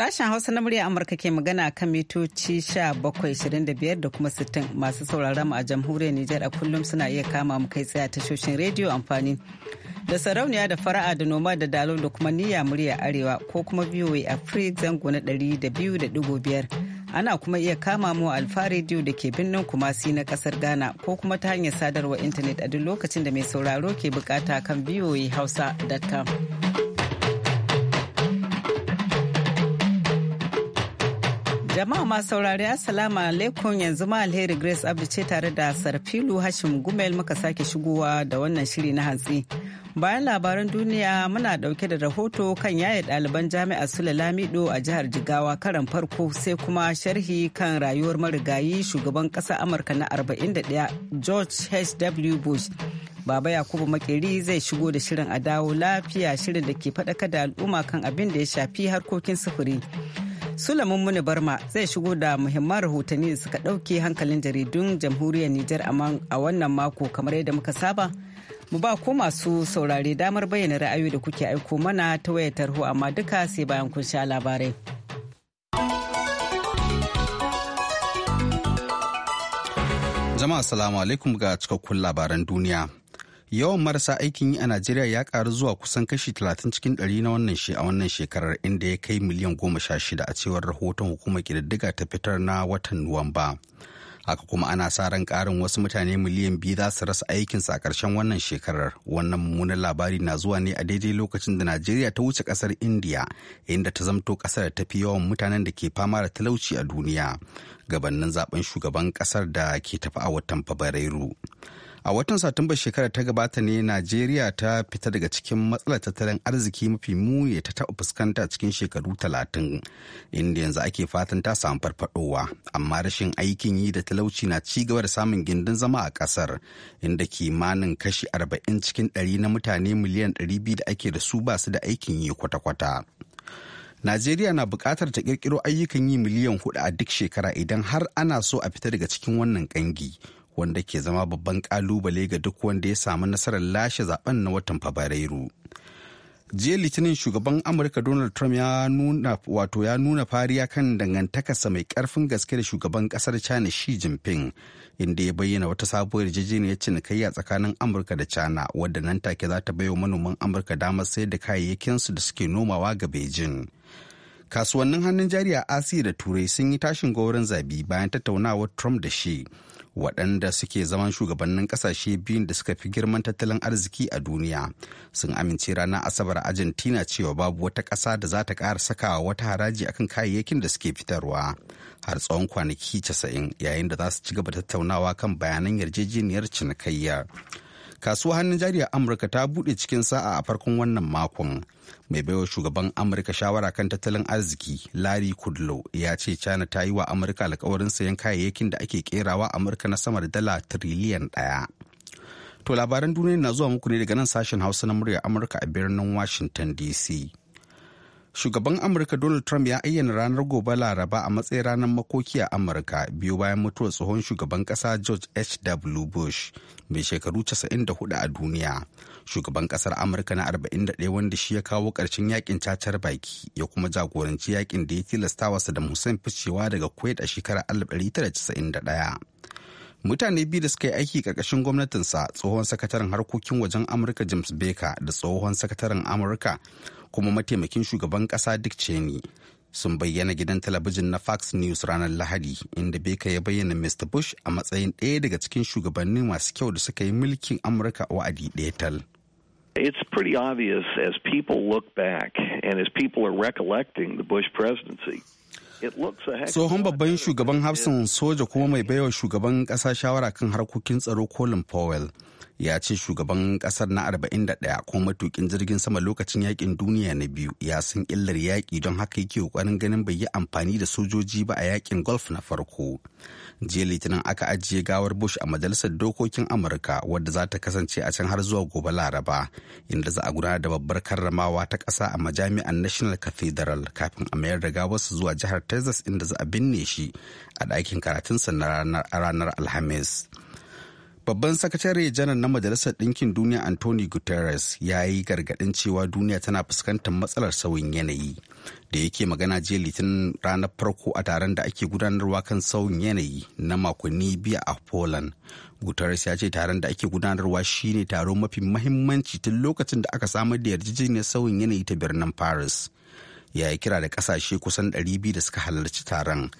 Sashen Hausa na murya Amurka ke magana kan mitoci 1725 da kuma 60 masu sauraron mu a jamhuriyar Nijar a kullum suna iya kama mu kai tsaye tashoshin rediyo amfani da sarauniya da fara'a da noma da dalo da kuma niyya murya arewa ko kuma VOA Africa zango na 200.5 ana kuma iya kama mu a alfa rediyo da ke birnin kumasi na kasar Ghana ko kuma ta hanyar sadarwa intanet a duk lokacin da mai sauraro ke bukata kan hausa.com Jama'a masu saurari Assalamu alaikum yanzu ma alheri Grace Abdu ce tare da Sarfilu Hashim Gumel muka sake shigowa da wannan shiri na hantsi. Bayan labaran duniya muna dauke da rahoto kan yaya ɗaliban jami'ar Sule Lamido a jihar Jigawa karan farko sai kuma sharhi kan rayuwar marigayi shugaban ƙasa Amurka na 41 George H.W. Bush. Baba Yakubu Makeri zai shigo da shirin a dawo lafiya shirin da ke faɗaka da al'umma kan abin da ya shafi harkokin sufuri. Sulamun Muni Barma zai shigo da muhimman rahotanni da suka ɗauke hankalin jaridun jamhuriyar Nijar a wannan mako kamar yadda muka saba. Mu ba ko masu saurare damar bayyana ra'ayoyi da kuke aiko mana ta wayar tarho amma duka sai bayan kun sha labarai. Jama'a salamu alaikum ga cikakkun labaran duniya. yawan marasa aikin yi a najeriya ya karu zuwa kusan kashi 30 cikin 100 na wannan a wannan shekarar inda ya kai miliyan 16 a cewar rahoton hukumar kididdiga ta fitar na watan nuwamba haka kuma ana sa ran karin wasu mutane miliyan biyu za su rasa aikinsu a ƙarshen wannan shekarar wannan mummunan labari na zuwa ne a daidai lokacin da najeriya ta wuce ƙasar indiya inda ta zamto ƙasar da ta fi yawan mutanen da ke fama da talauci a duniya gabanin zaben shugaban ƙasar da ke tafi a watan fabrairu a watan satumbar shekarar ta gabata ne najeriya ta fita daga cikin matsalar tattalin arziki mafi muni ta taɓa fuskanta cikin shekaru talatin inda yanzu ake fatan ta samu farfadowa amma rashin aikin yi da talauci na ci gaba da samun gindin zama a ƙasar inda kimanin kashi arba'in cikin ɗari na mutane miliyan ɗari biyu da ake da su ba su da aikin yi kwata-kwata Najeriya na buƙatar ta ƙirƙiro ayyukan yi miliyan hudu a duk shekara idan har ana so a fita daga cikin wannan ƙangi. wanda ke zama babban kalubale ga duk wanda ya samu nasarar lashe zaben na watan fabrairu jiya litinin shugaban amurka donald trump ya nuna wato ya nuna fariya kan dangantakarsa mai karfin gaske da shugaban kasar china xi jinping inda ya bayyana wata sabuwar yarjejeniyar cinikayya tsakanin amurka da china wadda nan take za ta baiwa manoman amurka damar sayar da kayayyakinsu da suke nomawa ga beijing kasuwannin hannun jari a asiya da turai sun yi tashin gaurin zabi bayan tattaunawar trump da shi waɗanda suke zaman shugabannin ƙasashe biyun da suka fi girman tattalin arziki a duniya sun amince ranar asabar argentina cewa babu wata ƙasa da za ta ƙara sakawa wata haraji akan kayayyakin da suke fitarwa har tsawon kwanaki 90 yayin da za su ci gaba tattaunawa kan bayanan yarjejeniyar cinikayya kasuwa hannun jari a amurka ta bude cikin sa'a a farkon wannan makon mai baiwa shugaban amurka shawara kan tattalin arziki larry kudlow ya ce china ta yi wa amurka alkawarin sayan kayayyakin da ake kerawa amurka na sama da dala tiriliyan ɗaya to labaran duniya na zuwa muku ne daga nan sashen hausa na murya amurka a birnin washington dc Shugaban Amurka Donald Trump ya ayyana ranar gobe Laraba a matsayin ranar makoki a Amurka biyu bayan mutuwar tsohon shugaban ƙasa George H.W. Bush mai shekaru 94 a duniya. Shugaban ƙasar Amurka na 41 wanda shi ya kawo ƙarshen yakin cacar baki ya kuma jagoranci yakin da ya tilasta wa Saddam Hussein ficewa daga Kuwait a shekarar 1991. Mutane biyu da suka yi aiki ƙarƙashin gwamnatinsa tsohon sakataren harkokin wajen Amurka James Baker da tsohon sakataren Amurka kuma mataimakin shugaban ƙasa Dick Cheney sun bayyana gidan talabijin na Fox News ranar Lahadi inda Beka ya bayyana Mr. Bush a matsayin ɗaya daga cikin shugabannin masu kyau da suka yi mulkin Amurka wa'adi ɗaya tal. It's pretty obvious as people look back and as people are recollecting the Bush presidency. Tsohon babban shugaban hafsan soja kuma mai baiwa shugaban ƙasa shawara kan harkokin tsaro Colin Powell ya ce shugaban kasar na 41 ko matukin jirgin sama lokacin yakin duniya na biyu ya san illar yaƙi don haka yake kokarin ganin bai yi amfani da sojoji ba a yakin golf na farko jiya litinin aka ajiye gawar bush a majalisar dokokin amurka wadda za ta kasance a can har zuwa gobe laraba inda za a gudanar da babbar karramawa ta ƙasa a majami'ar national cathedral kafin a mayar da gawarsa zuwa jihar texas inda za a binne shi a ɗakin karatunsa na ranar alhamis Babban sakatare janar na Majalisar Ɗinkin Duniya Anthony Guterres ya yi gargaɗin cewa duniya tana fuskantar matsalar sauyin yanayi. Da yake magana jiya litinin ranar farko a taron da ake gudanarwa kan sauyin yanayi na makonni biya a Poland. Guterres ya ce taron da ake gudanarwa shine taro mafi mahimmanci tun lokacin da aka samar da yarjejeniyar sauyin yanayi ta birnin Paris. Ya yi kira da ƙasashe kusan 200 da suka halarci taron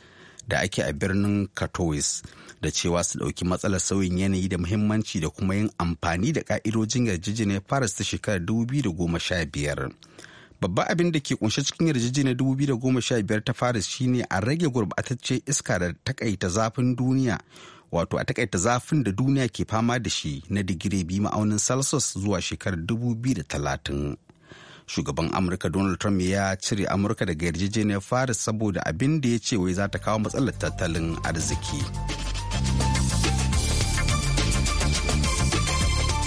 da ake a birnin Katowice. da cewa su ɗauki matsalar sauyin yanayi da muhimmanci da kuma yin amfani da ƙa'idojin yarjejeniyar Paris ta shekarar 2015. Babban abin da ke kunshe cikin yarjejeniyar 2015 ta Paris shine a rage gurbatacce iska da takaita zafin duniya wato a takaita zafin da duniya ke fama da shi na digiri biyu ma'aunin Celsius zuwa shekarar 2030. shugaban amurka donald trump ya cire amurka daga yarjejeniyar faris saboda abin da ya ce wai za ta kawo matsalar tattalin arziki.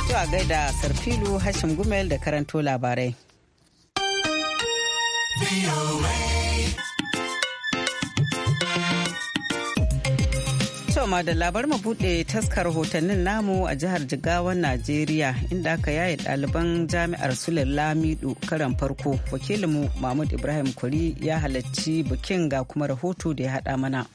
Zuwa gaida Sarfilu Hashim Gumel da karanto labarai. Toma da labar mu bude taskar hotannin namu a jihar Jigawan Najeriya inda aka yaye ɗaliban jami'ar Sulal Lamido karan farko. Wakilinmu Mahmud Ibrahim Kuri ya halarci bikin ga kuma rahoto da ya haɗa mana.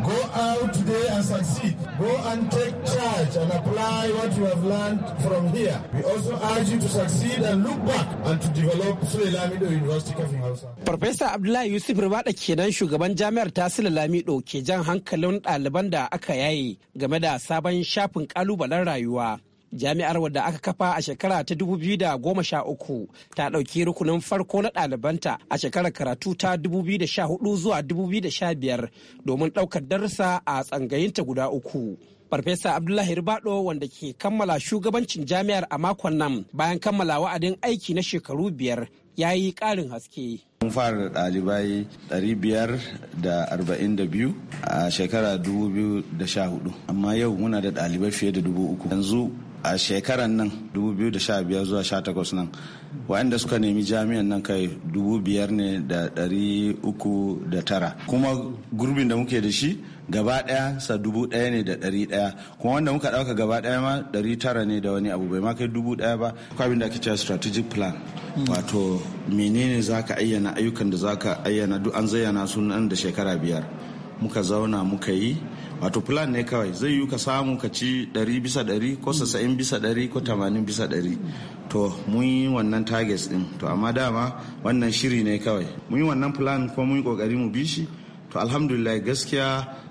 Go out today and succeed. Go and take charge and apply what you have learned from here. We also urge you to succeed and look back and to develop Sule Lamido University of Hausa. Farfesa Abdullahi Yusuf Rubada kenan shugaban jami'ar Tasila Lamido ke jan hankalin ɗaliban da aka yaye game da sabon shafin ƙalubalen rayuwa. jami'ar wadda aka kafa a shekara ta 2013 ta ɗauki rukunin farko na ɗalibanta a shekarar karatu ta 2014 zuwa 2015 domin ɗaukar darussa a tsangayinta guda uku. Farfesa Abdullahi Ribado wanda ke kammala shugabancin jami'ar a makon nan bayan kammala wa'adin aiki na shekaru biyar ya yi ƙarin haske. Mun fara da ɗalibai 542 a shekara 2014 amma yau muna da ɗalibai fiye da 3,000. Yanzu a shekaran nan 2015 zuwa 18 nan waɗanda suka nemi jami'an nan kai 5,309 kuma gurbin da muke da shi gaba ɗaya sa dubu ɗaya ne da dari ɗaya kuma wanda muka ɗauka gaba ɗaya ma dari tara ne da wani abu bai ma kai dubu ɗaya ba abin da ake cewa strategic plan hmm. wato menene za ka ayyana ayyukan da za ka ayyana duk an zayyana sunan da shekara biyar muka zauna muka yi wato plan ne kawai zai yi ka samu ka ci 100 bisa 100 ko 90 bisa 100 ko 80 bisa 100 to mun yi wannan targets din to amma dama wannan shiri ne kawai mun yi wannan plan ko mun yi kokari mu bi shi to alhamdulillah gaskiya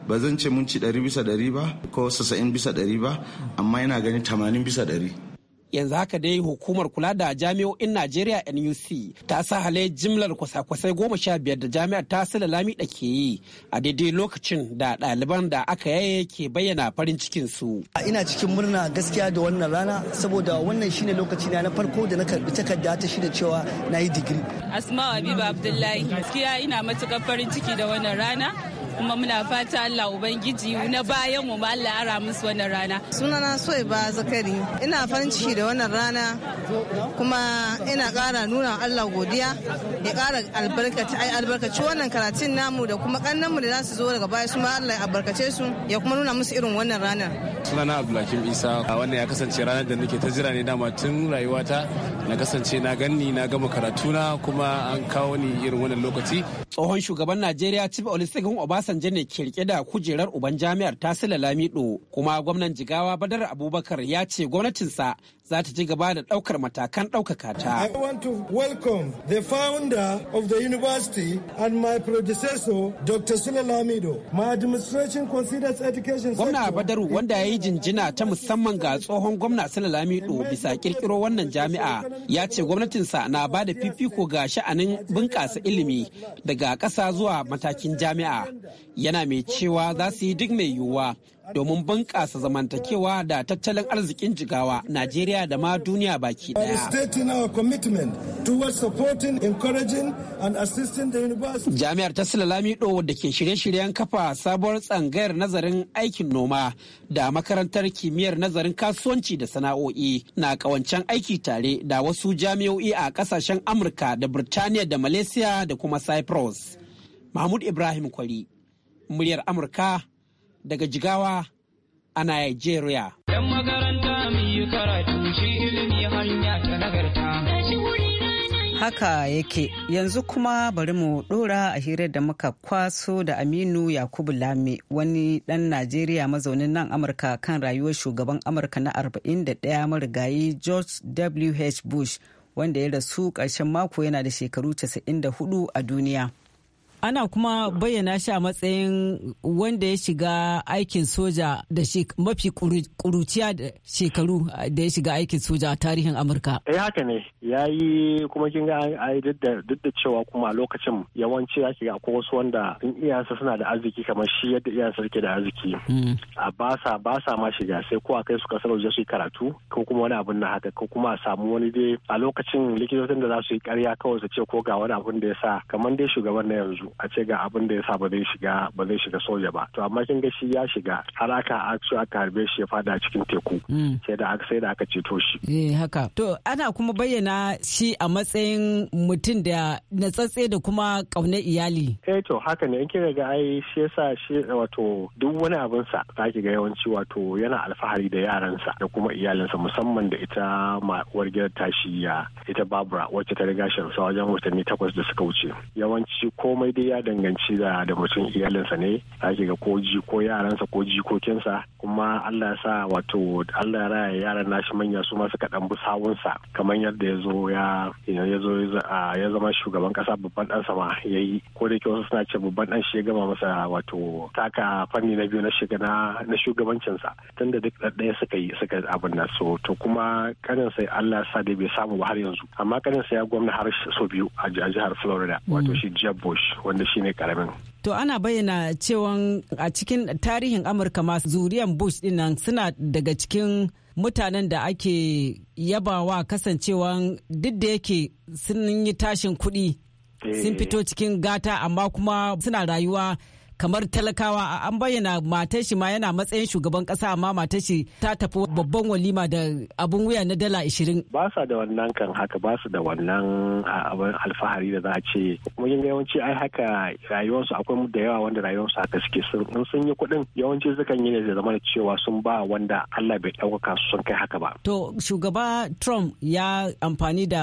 ba zan ce mun ci 100 bisa 100 ba ko 90 bisa 100 ba amma ina gani 80 bisa 100 yanzu haka dai hukumar kula da jami'o'in najeriya nuc ta sa hale jimlar kwasa-kwasai goma sha biyar da jami'ar ta sila lami da ke yi a daidai lokacin da ɗaliban da aka yaye ke bayyana farin cikin su ina cikin murna gaskiya da wannan rana saboda wannan shine lokaci na farko da na karbi takarda ta shida cewa na yi digiri asma habibu abdullahi gaskiya ina matuƙar farin ciki da wannan rana kuma muna fata Allah ubangiji na bayan mu Allah ara musu wannan rana sunana soyi ba zakari ina farin ciki da wannan rana kuma ina ƙara nuna Allah godiya ya ƙara albarkaci ai albarkaci wannan karatun namu da kuma kannanmu da za su zo daga baya su ma Allah ya albarkace su ya kuma nuna musu irin wannan ranar sunana Abdulhakim Isa wannan ya kasance ranar da nake ta jira ne dama tun rayuwata na kasance na ganni na gama karatuna kuma an kawo ni irin wannan lokaci tsohon shugaban Najeriya Chief Olusegun Obasanjo Obasanjo ne ke rike da kujerar uban jami'ar Tasila Lamido kuma gwamnan Jigawa Badar Abubakar ya ce gwamnatinsa za ta ci gaba da ɗaukar matakan ɗaukaka ta. I want to welcome the founder of the university and my predecessor Dr. Sule Lamido. My administration considers education Gwamna Badaru wanda ya yi jinjina ta musamman ga tsohon gwamna Sule Lamido bisa kirkiro wannan jami'a ya ce gwamnatinsa na ba da fifiko ga sha'anin bunƙasa ilimi daga ƙasa zuwa matakin jami'a. Yana mai cewa za su yi duk mai yiwuwa domin bunƙasa zamantakewa da tattalin arzikin jigawa Najeriya da ma duniya baki daya. Jami'ar ta Lamido da ke shirye-shiryen kafa sabuwar tsangayar nazarin aikin noma da makarantar kimiyyar nazarin kasuwanci da sana'o'i na kawancen aiki tare da wasu jami'o'i a kasashen Amurka da Birtaniya da Malaysia da kuma Cyprus. Mahmud Ibrahim Kwari, muryar Amurka daga Jigawa a Nigeria. makaranta muyi nagarta. Haka yake yanzu kuma bari mu dora a hirar da muka kwaso da Aminu Yakubu Lame wani ɗan Najeriya mazaunin nan Amurka kan rayuwar shugaban Amurka na 41 marigayi George W.H. Bush wanda ya rasu ƙarshen mako yana da shekaru 94 a duniya. ana kuma bayyana shi a matsayin wanda ya shiga aikin soja da mafi kuruciya da shekaru da ya shiga aikin soja a tarihin amurka eh haka ne ya yi kuma kin ga duk da cewa kuma a lokacin yawanci ya ga ko wasu wanda sun iyansa suna da arziki kamar shi yadda iyansa suke da arziki hmm. a ba sa ma shiga sai ko a kai su kasar waje su yi karatu ko kuma wani abin na haka ko kuma a samu wani dai a lokacin likitocin da za su yi karya kawai su ce ko ga wani abin da ya sa kamar dai shugaban na yanzu a ce ga abin da ya sa ba zai shiga ba zai shiga soja ba to amma kin ga shi ya shiga har aka aksu aka harbe shi ya fada cikin teku mm. sai da aka sai da aka ceto shi eh haka to ana kuma bayyana shi a matsayin mutum da natsatse da kuma kauna iyali eh to haka ne in kin ga ai shi yasa shi wato duk wani abin sa zaki ga yawanci wato yana alfahari da yaransa da kuma iyalinsa musamman da ita uwar gidan tashi ya ita Barbara wacce ta riga shi wajen watanni takwas da suka wuce yawanci komai dai ya danganci da da mutum iyalinsa ne ake ga ko ji ko yaransa ko jikokinsa kuma Allah ya sa wato Allah ya raya yaran nashi manya su ma suka dan sawunsa kamar yadda ya zo ya ya zo ya zama shugaban kasa babban dan sama yayi ko da wasu suna ce babban dan shi ya gama masa wato taka fanni na biyu na shiga na na shugabancinsa tunda duk ɗaya suka yi suka abin na so to kuma kanin sai Allah ya sa dai bai samu ba har yanzu amma kanin sai ya gwamna har sau biyu a jihar Florida wato shi Jeb Bush wanda shine karamin To ana bayyana cewa a cikin tarihin Amurka masu zuriyan Bush dinnan suna daga cikin mutanen da ake yabawa kasancewa duk da yake sun yi tashin kuɗi sun eh. fito cikin gata amma kuma suna rayuwa kamar talakawa an bayyana matar shi ma yana matsayin shugaban kasa amma matar shi ta tafi babban walima da abun wuya na dala 20 ba sa da wannan kan haka ba su da wannan abin alfahari da za a ce kuma yin yawanci ai haka rayuwarsu akwai da yawa wanda rayuwarsu haka suke sun sun yi kuɗin yawanci sukan yi ne da zama cewa sun ba wanda Allah bai ɗaukaka su sun kai haka ba to shugaba Trump ya amfani da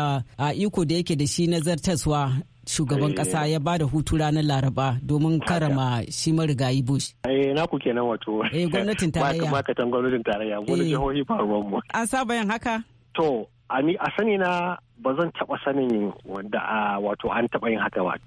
iko da yake da shi na zartaswa shugaban eh. kasa ya ba da hutu ranar laraba domin karama shi marigayi bush eh ku kenan wato eh gwamnatin tarayya ba makatan gwamnatin tarayya mu da eh. jihohi ba ruwan mu an saba yin haka to ani a sani na ba zan taba sanin wanda a wato an taba yin haka ba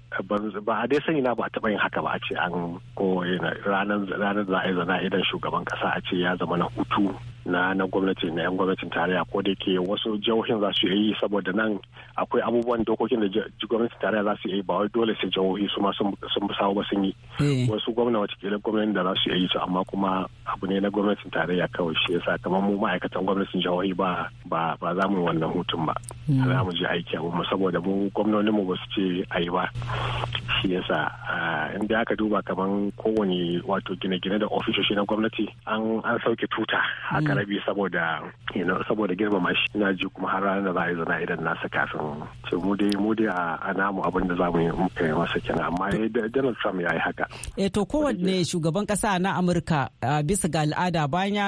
ba a dai sani na ba taba yin haka ba a ce an ko ranar ranar a idan shugaban kasa a ce ya zama na hutu na na gwamnati na yan gwamnatin tarayya ko da ke wasu jihohin za su yi saboda nan akwai abubuwan dokokin da gwamnatin tarayya za su yi ba wai dole sai jihohi su ma sun ba sun yi eh. wasu gwamna watakila gwamnatin da za su yi su amma kuma abu ne na gwamnatin tarayya kawai shi yasa kamar mu ma'aikatan gwamnatin jihohi ba ba ba za mu wannan hutun ba hmm. za mu je aiki a saboda mu gwamnonin mu ba su ce ayi ba shi yasa inda aka duba kamar kowane wato gine-gine da ofishoshi na gwamnati an an sauke tuta aka mm. rabi saboda saboda girmama shi ina ji kuma har ranar da za a yi zana idan nasa kafin ce mu dai mu dai a namu abin da za mu yi masa kenan amma Donald Trump ya yi haka. E to kowane shugaban kasa na Amurka bisa ga al'ada bayan ya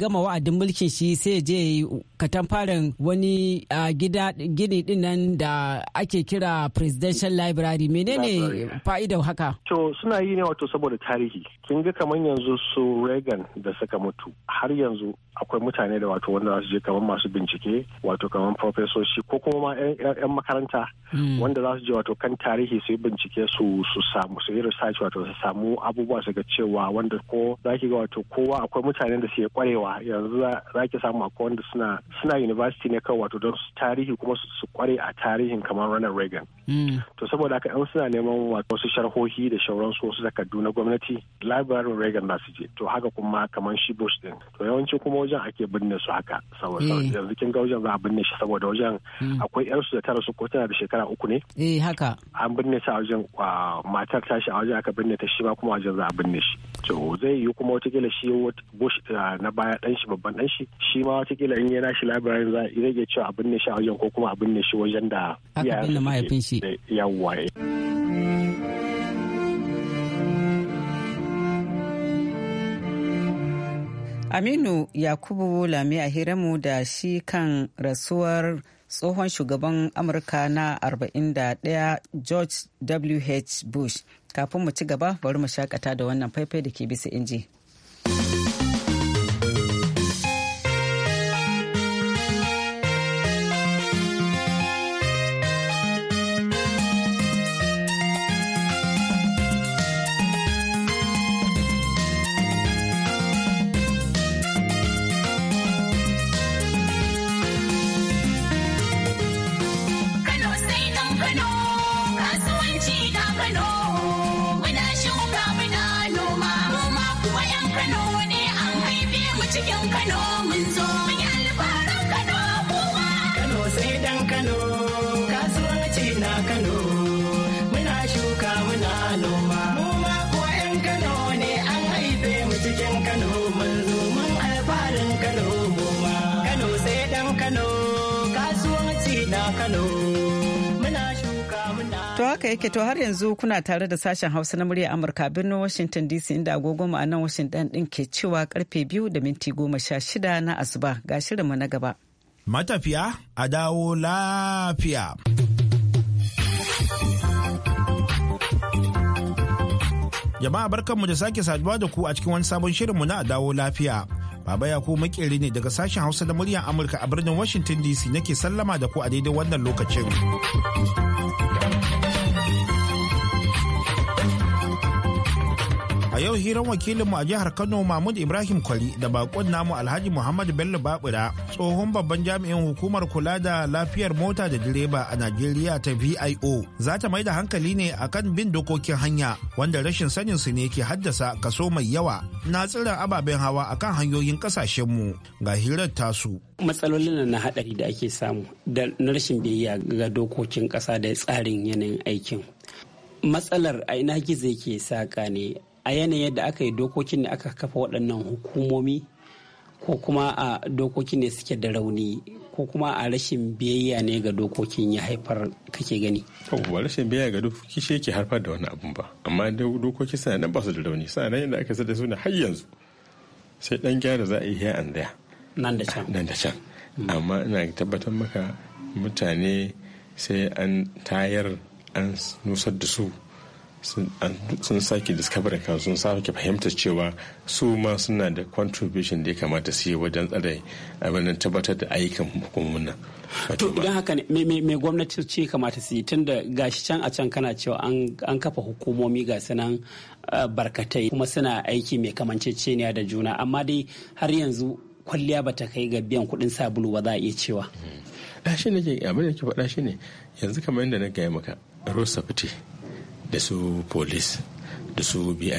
gama wa'adin mulkin shi sai je katamfarin wani gida gini din da ake kira presidential library menene fa'idar haka to suna yi ne wato saboda tarihi kin ga kamar yanzu su Reagan da suka mutu har yanzu akwai mutane da wato wanda su je kamar masu bincike wato kamar profesoshi ko kuma ma 'yan makaranta hmm. wanda za su je wato kan tarihi su yi bincike su su samu su yi research wato su samu abubuwa su ga cewa wanda ko za ki ga wato kowa akwai mutane da suke kwarewa yanzu za ki samu akwai wanda suna suna university ne kawai wato don su tarihi kuma su kware a tarihin kamar Ronald Reagan. Hmm. To saboda haka 'yan suna neman wato su sharhohi da shauransu wasu takardu na gwamnati library Reagan na su je to haka kuma kamar shi Bush din to yawanci kuma wajen ake binne su haka saboda eh. yanzu kin ga wajen za a binne shi saboda wajen hmm. akwai yarsu su da tara su ko tana da shekara uku ne eh haka an binne ta a wajen matar tashi a wajen aka binne ta shi ba kuma wajen za a binne shi to zai yi kuma kila shi Bush na baya dan shi babban dan shi shi ma watakila in yana shi library za a iya cewa a binne shi a wajen ko kuma a binne shi wajen da iyayen mahaifinsa eh, yawwa eh. aminu yakubu lami a mu da shi kan rasuwar tsohon shugaban amurka na 41 george W.H bush kafin mu ci gaba bari mu shakata da wannan faifai da ke bisa inji. To haka yake to har yanzu kuna tare da sashen Hausa na murya Amurka birnin Washington DC inda agogo a nan Washington din ke cewa karfe biyu da minti goma sha shida na asuba ga shirinmu na gaba. Matafiya a dawo lafiya. Jama'a barkanmu da sake saduwa da ku a cikin wani sabon shirinmu na dawo lafiya. Baba Yakubu makeri ne daga sashen Hausa da muryar Amurka a birnin Washington DC nake sallama da ku a daidai wannan lokacin. A yau hiran wakilinmu a jihar Kano Mahmud Ibrahim Kwali da bakon namu Alhaji Muhammad Bello Babura tsohon babban jami'in hukumar kula da lafiyar mota da direba a Najeriya ta VIO za ta mai da hankali ne akan bin dokokin hanya wanda rashin sanin su ne ke haddasa kaso mai yawa na tsiran ababen hawa akan hanyoyin kasashenmu ga hirar tasu. matsalolin na hadari da ake samu da na rashin biyayya ga dokokin kasa da tsarin yanayin aikin matsalar a ina gizo yake saka ne a yanayin yadda aka yi dokokin da aka kafa waɗannan hukumomi ko kuma a dokokin ne suke da rauni ko kuma a rashin biyayya ne ga dokokin ya haifar kake gani ba rashin biyayya ga dokoki shi yake haifar da wani abun ba amma dokoki suna nan ba su da rauni suna nan yadda aka sada su ne har yanzu sai dan gyara za a yi here and there nan da can nan da can mm. amma ina tabbatar maka mutane sai an tayar an nusar da su sun sake discovery kan sun sake fahimtar cewa su ma suna da contribution da ya kamata su yi wajen tsare abin tabbatar da ayyukan hukumomin nan. To idan haka ne me gwamnati ce kamata su yi tun da gashi can a can kana cewa an kafa hukumomi ga sanan barkatai kuma suna aiki mai kamanceceniya da juna amma dai har yanzu kwalliya bata kai ga biyan kuɗin sabulu ba za a iya cewa. Ɗashi mm. ne abin da ke faɗa shi ne yanzu kamar yadda na gaya maka Rosa Fite. da su police da su bio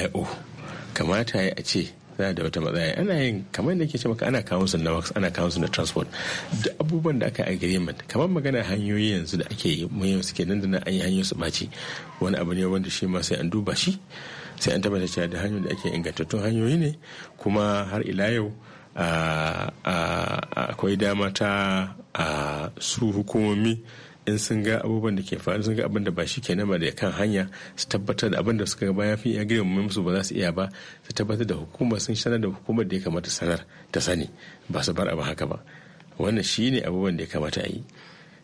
kamata ya a ce za da wata matsaya ana yin kamar da ke ce maka ana kawo su na ana kawo su na transport da abubuwan da aka agreement kamar magana hanyoyi yanzu da ake yi yau suke nan da nan an yi hanyoyi su wani abu ne wanda shi ma sai an duba shi sai an tabbata cewa da hanyoyin da ake ingantattun hanyoyi ne kuma har ila yau ah, ah, akwai dama ta ah, su hukumomi in sun ga abubuwan da ke faru sun ga abin da ba shi ke ba da kan hanya su tabbatar da abin da suka ga bayan fi ya gire musu ba za su iya ba su tabbatar da hukuma sun sanar da hukumar da ya kamata sanar ta sani ba su bar abin haka ba wannan shi ne abubuwan da ya kamata a yi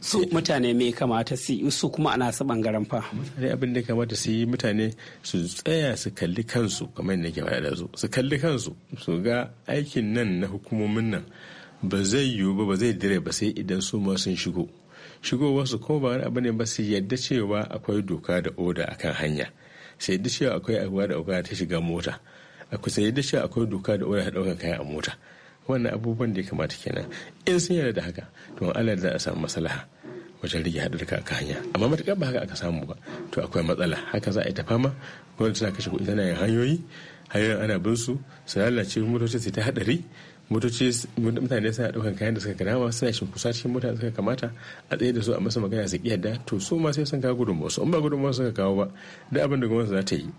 su mutane me kamata su yi su kuma ana su bangaren fa mutane abin da kamata su yi mutane su tsaya su kalli kansu kamar yadda ke faɗa su su kalli kansu su ga aikin nan na hukumomin nan ba zai yiwu ba ba zai dire ba sai idan su ma sun shigo shigowarsu ko ba wani abu ne ba su yadda cewa akwai doka da oda a kan hanya su yadda cewa akwai abuwa da oga ta shiga mota akwai su yadda cewa akwai doka da oda ta ɗaukar kaya a mota wannan abubuwan da ya kamata kenan in sun yarda da haka to Allah da a samu maslaha wajen rage haɗarka a hanya amma matuƙar ba haka aka samu ba to akwai matsala haka za a yi ta fama gwamnati tana kashe kuɗi tana yin hanyoyi hanyoyin ana bin su su lalace motoci su ta haɗari motoci mutane suna ɗaukan kayan da suka ga dama suna shimfusa cikin mutane suka kamata a tsaye da su a masa magana su da to su ma sai sun kawo gudunmawa su in ba gudunmawa suka kawo ba da abin da gwamnati za ta yi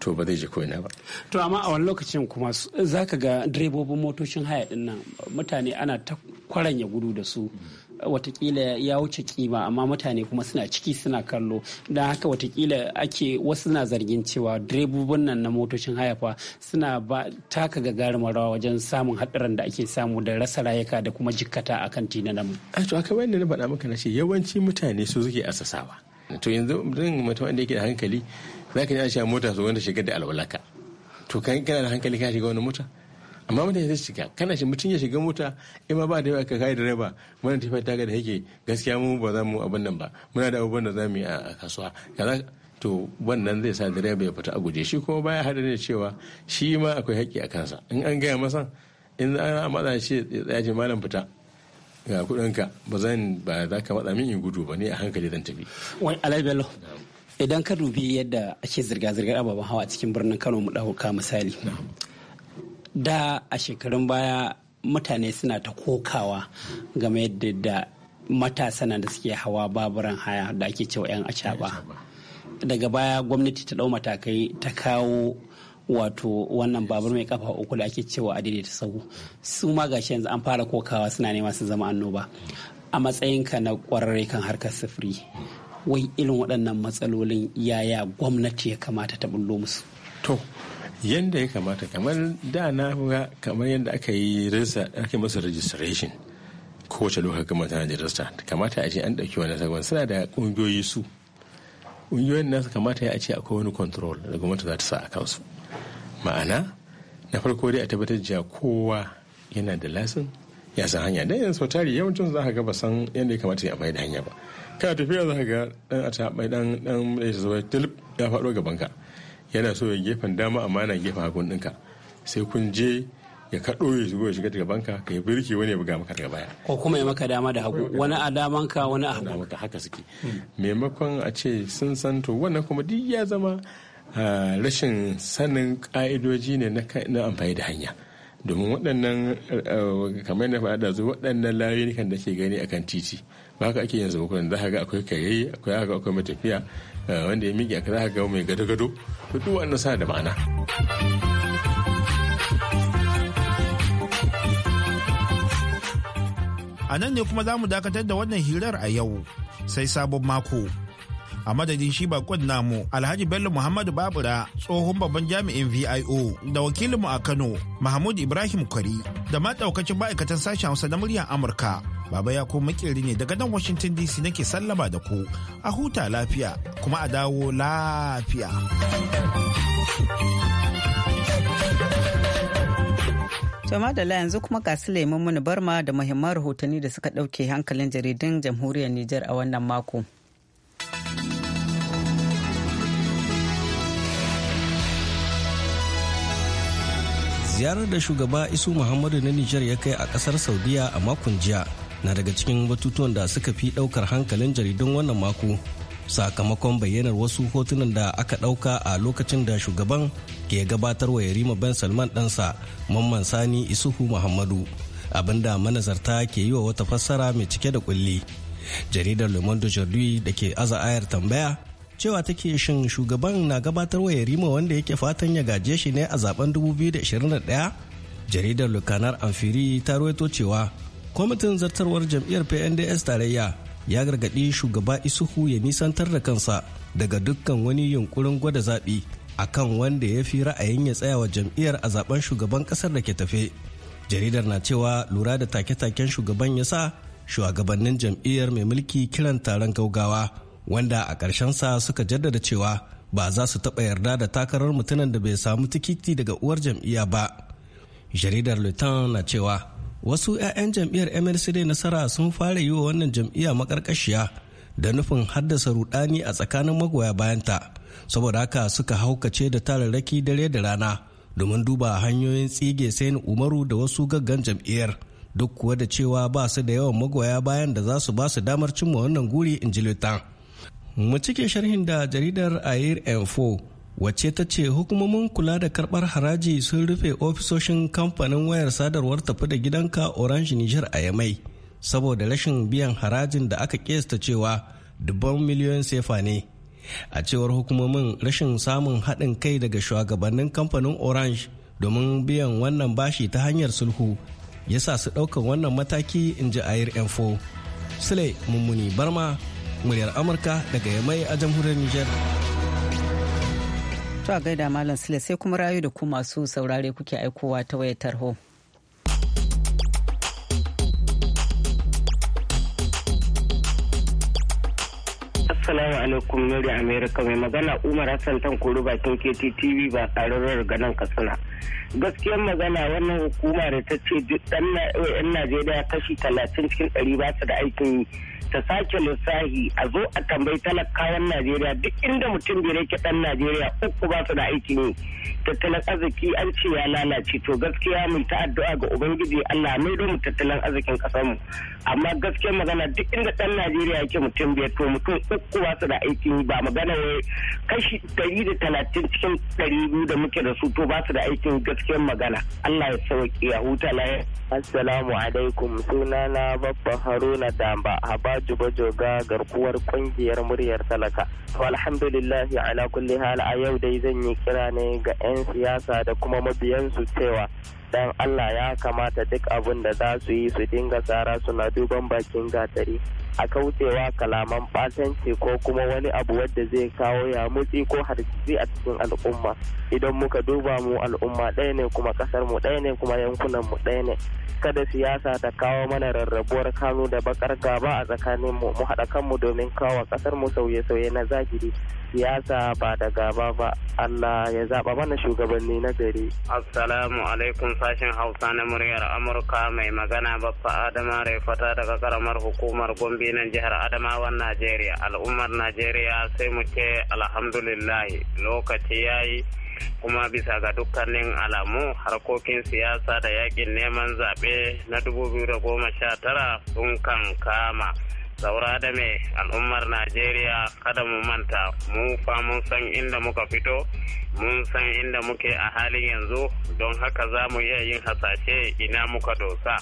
to ba zai je ko ina ba. to amma a wani lokacin kuma za ka ga direbobin motocin haya ɗin nan mutane ana ta kwaranya gudu da su watakila ya wuce kima amma mutane kuma suna ciki suna kallo don haka watakila ake wasu na zargin cewa direbobin nan na motocin fa suna ba taka gagarumar rawa wajen samun hadarin da ake samu da rasa rayuka da kuma jikkata a kan a to aka wani na faɗa maka na ce yawanci mutane su suke asasawa to yanzu mutum mutum wanda yake da hankali za ka ji a mota su wanda shigar da alwalaka to kan kana da hankali ka shiga wani mota amma mutane zai shiga kana shi mutum ya shiga mota in ma ba da yawa ka kai direba muna tafiya ta gada da yake gaskiya mu ba za mu abin nan ba muna da abubuwan da za mu yi a kasuwa kaza to wannan zai sa direba ya fita a guje shi kuma baya hada ne cewa shi ma akwai haƙƙi a kansa in an gaya masa in a matsa shi ya tsaya ce malam fita ga kuɗinka ba zan ba za ka matsa min in gudu ba ne a hankali zan tafi. wani alabelo idan ka dubi yadda ake zirga-zirgar ababen hawa cikin birnin kano mu ɗauka misali da a shekarun baya mutane suna ta kokawa game da matasa da suke hawa baburan haya da ake cewa 'yan acaba daga baya gwamnati ta ɗau matakai ta kawo wato wannan babur mai kafa uku da ake cewa ta sahu su ma gashi yanzu an fara kokawa suna nema su zama annoba a matsayinka na kwararre kan harkar sufuri wai irin waɗannan matsalolin yaya gwamnati ya kamata ta bullo musu to yadda ya kamata kamar da na ga kamar yadda aka yi ake masa registration kowace lokacin kuma tana da rasta kamata a ce an ɗauki wani sabon suna da kungiyoyi su ƙungiyoyin nasu kamata ya ce akwai wani control da gwamnati za ta sa a kansu ma'ana na farko dai a tabbatar da kowa yana da lasin ya san hanya dan yanzu tari yawancin za ka ga ba san yadda ya kamata ya amfani da hanya ba kana tafiya za ka ga dan a taɓa dan dan da ya ya faɗo gaban ka yana so ya gefen dama amma yana gefen hagun ɗinka sai kun je ya kaɗo ya shigo ya shiga daga banka ka yi birki wani ya buga maka daga baya ko kuma ya maka dama da hagu wani a damanka wani a hagu ka haka suke maimakon a ce sun san to wannan kuma duk ya zama rashin sanin ka'idoji ne na amfani da hanya domin waɗannan kamar na faɗa zuwa waɗannan kan da ke gani akan titi ba haka ake yin zabukunan za ka ga akwai kayayi akwai haka akwai matafiya Eh, wanda ya miƙe aka za ga mai gado-gado to duk wannan sa da ma'ana a nan ne kuma za mu dakatar da wannan hirar a yau sai sabon mako a madadin shi bakon namu Alhaji Bello Muhammadu Babura tsohon babban jami'in VIO da wakilinmu a Kano Mahmud Ibrahim Kwari da ma daukacin ma'aikatan sashen Hausa na muryar Amurka. Baba ya ko makeri ne daga nan Washington DC nake sallama da ku a huta lafiya kuma a dawo lafiya. Toma da yanzu kuma ga su lemun barma da muhimman rahotanni da suka ɗauke hankalin jaridun jamhuriyar Nijar a wannan mako. ziyarar da shugaba isu muhammadu na nijar ya kai a kasar saudiya a makon jiya na daga cikin batutuwan da suka fi daukar hankalin jaridun wannan mako sakamakon bayyanar wasu hotunan da aka dauka a lokacin da shugaban ke gabatar wa yarima ben salman ɗansa mamman sani isuhu muhammadu abinda manazarta ke yi wa wata fassara mai cike da kulli jaridar le monde da ke aza ayar tambaya cewa take shin shugaban na gabatar wa yarima wanda yake fatan ya gaje shi ne a zaben 2021 jaridar lukanar amfiri ta ruwaito cewa kwamitin zartarwar jam'iyyar pnds tarayya ya gargaɗi shugaba isuhu ya nisantar da kansa daga dukkan wani yunkurin gwada zaɓi kan wanda ya fi ra'ayin ya tsaya wa jam'iyyar a zaben shugaban ƙasar da ke tafe jaridar na cewa lura da take-taken shugaban ya sa shugabannin jam'iyyar mai mulki kiran taron gaugawa wanda a ƙarshen sa suka jaddada cewa ba za su taɓa yarda da takarar mutumin da bai samu tikiti daga uwar jam'iyya ba jaridar lutan na cewa wasu 'ya'yan jam'iyyar mlc dai nasara sun fara yi wa wannan jam'iyya makarkashiya da nufin haddasa rudani a tsakanin magoya bayanta saboda haka suka haukace da tararraki dare da rana domin duba hanyoyin tsige sayin umaru da wasu gaggan jam'iyyar duk kuwa da cewa ba su da yawan magoya bayan da za su ba su damar cimma wannan guri in ji lutan mu cike sharhin da jaridar air info wacce ta ce hukumomin kula da karbar haraji sun rufe ofisoshin kamfanin wayar sadarwar tafi da gidanka orange niger a yamai saboda rashin biyan harajin da aka kesta cewa dubban miliyoyin sefa ne a cewar hukumomin rashin samun haɗin kai daga shugabannin kamfanin orange domin biyan wannan bashi ta hanyar sulhu ya sa su ɗaukan wannan mataki in ji ayir info sule mummuni barma muryar amurka daga yamai a jamhuriyar niger to a gaida malam sule sai kuma rayu da ku masu saurare kuke aikowa ta wayar tarho Assalamu alaikum Mary America mai magana Umar Hassan Tankoro bakin KTTV ba tsararrar ganin Katsina. Gaskiyar magana wannan hukuma da ta ce duk eh, ɗan Najeriya kashi talatin cikin ɗari ba su da aikin yi. ta sake lissahi a zo a tambayi talakawan najeriya duk inda mutum bai rake dan najeriya uku ba su da aiki ne tattalin arziki an ce ya lalace to gaskiya mun ta addu'a ga ubangiji allah mai don tattalin arzikin mu amma gaskiya magana duk inda dan najeriya yake mutum biyar to mutum uku ba su da aiki ne ba magana ne kashi ɗari da talatin cikin ɗari biyu da muke da su to ba su da aikin gaskiyar magana allah ya sauke ya huta lafiya assalamu alaikum sunana babba haruna damba habad jibajoga garkuwar kungiyar muryar talaka to alhamdulillah ala kulli hal a yau dai zan yi kira ne ga 'yan siyasa da kuma mabiyansu cewa dan Allah ya kamata duk abin da za su yi su dinga tsara suna duban bakin gatari a kaucewa kalaman batanci ko kuma wani abu wadda zai kawo ya mutsi ko hargitsi a cikin al'umma idan muka duba mu al'umma ɗaya ne kuma ƙasar mu ɗaya ne kuma yankunan mu ɗaya ne kada siyasa ta kawo mana rarrabuwar kanu da bakar gaba a tsakanin mu mu haɗa kanmu domin kawo ƙasar mu sauye-sauye na zahiri siyasa ba da gaba ba Allah ya zaɓa mana shugabanni na gari. Assalamu alaikum sashen Hausa na muryar Amurka mai magana bafa Adama fata daga karamar hukumar Gombe mazaɓi jihar Adamawan Najeriya, al'ummar Najeriya sai mu ce alhamdulillahi lokaci ya yi kuma bisa ga dukkanin alamu harkokin siyasa da yakin neman zaɓe na 2019 sun kan kama. saura da mai al'ummar najeriya kada mu manta mu fa mun san inda muka fito mun san inda muke a halin yanzu don haka za mu iya yin hasashe ina muka dosa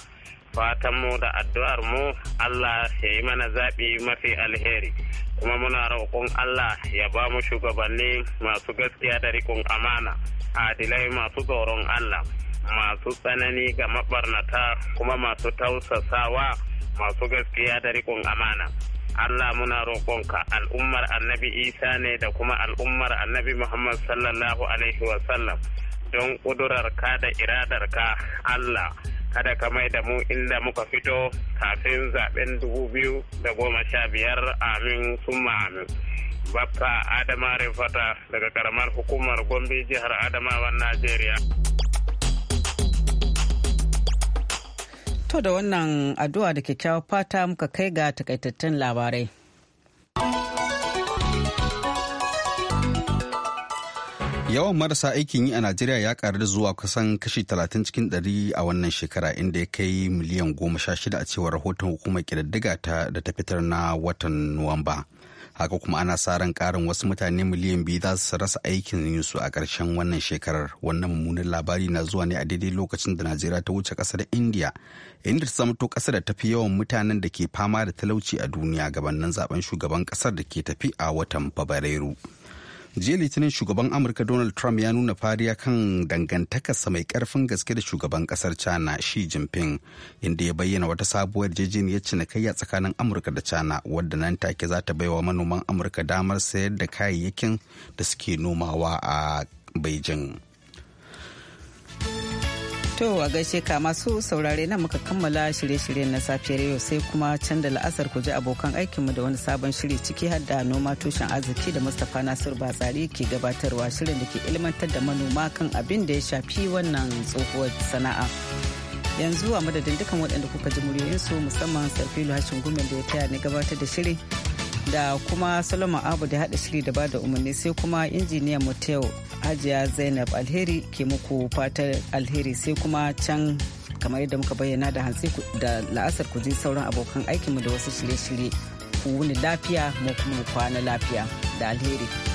fatanmu da addu'ar mu Allah ya yi mana zaɓi mafi alheri kuma muna roƙon Allah ya ba mu shugabanni masu gaskiya da rikon amana adilai masu tsoron Allah masu tsanani ga mabarnata kuma masu tausasawa masu gaskiya da rikon amana Allah muna roƙonka al'ummar annabi Isa ne da kuma al'ummar annabi Muhammad sallallahu alaihi wasallam don ƙudurarka da iradarka Allah kada ka mai da mu inda muka fito kafin zaben dubu biyu da goma sha biyar amin summa amin Babka adama rifata daga karamar hukumar gombe jihar adamawan najeriya to da wannan addu'a da kyakkyawar fata muka kai ga takaitattun labarai Yawan marasa aikin yi a Najeriya ya karu da zuwa kusan kashi 30 cikin 100 a wannan shekara inda ya kai miliyan 16 a cewar rahoton hukumar kididdiga ta da ta fitar na watan Nuwamba. Haka kuma ana sa ran karin wasu mutane miliyan biyu za su rasa aikin yin su a ƙarshen wannan shekarar. Wannan mummunan labari na zuwa ne a daidai lokacin da Najeriya ta wuce ƙasar India, inda ta zamto ƙasar da tafi yawan mutanen da ke fama da talauci a duniya gabanin zaben shugaban ƙasar da ke tafi a watan Fabrairu. jiya litinin shugaban amurka donald trump ya nuna fariya kan dangantakarsa mai karfin gaske da shugaban kasar china shi jinping inda ya bayyana wata sabuwar yarjejeniyar cinikayya tsakanin amurka da china wadda nan take za ta baiwa manoman amurka damar sayar da kayayyakin da suke nomawa a beijing To a gaishe ka masu saurare na muka kammala shirye-shiryen na safiyar yau sai kuma can da la'asar ku ji abokan aikinmu da wani sabon shiri ciki har da noma tushen arziki da Mustapha Nasir Batsari ke gabatarwa shirin da ke ilmantar da manoma kan abin da ya shafi wannan tsohuwar sana'a. Yanzu a madadin dukkan waɗanda kuka ji muryoyinsu musamman Sarfilu Hashin Gumel da ya taya ni gabatar da shiri da kuma Solomon Abu da haɗa shiri da ba da umarni sai kuma injiniya Mateo Hajiya Zainab Alheri ke muku fatar alheri sai kuma can kamar yadda muka bayyana da hantsi da la'asar ku ji sauran abokan aikinmu da wasu shirye-shirye ku wuni lafiya mu kuma kwana lafiya da alheri.